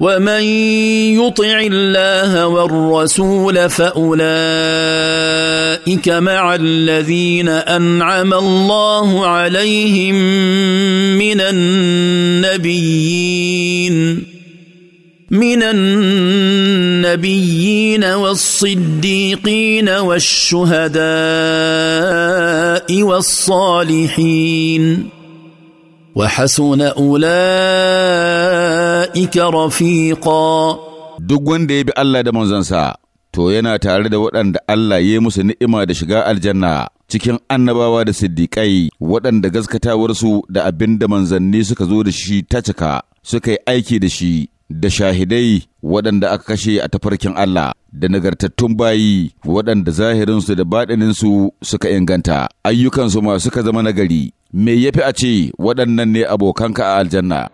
ومن يطع الله والرسول فاولئك مع الذين انعم الله عليهم من النبيين من النبيين والصديقين والشهداء والصالحين وحسن اولئك ulaika rafiqa duk wanda ya bi Allah da manzansa to yana tare da waɗanda Allah ya musu ni'ima da shiga aljanna cikin annabawa da siddiƙai waɗanda gaskatawarsu da abin da manzanni suka zo da shi ta cika suka yi aiki da shi da shahidai waɗanda aka kashe a tafarkin Allah da nagartattun bayi waɗanda zahirinsu da baɗininsu suka inganta ayyukansu ma suka zama nagari me yafi a ce waɗannan ne abokanka a aljanna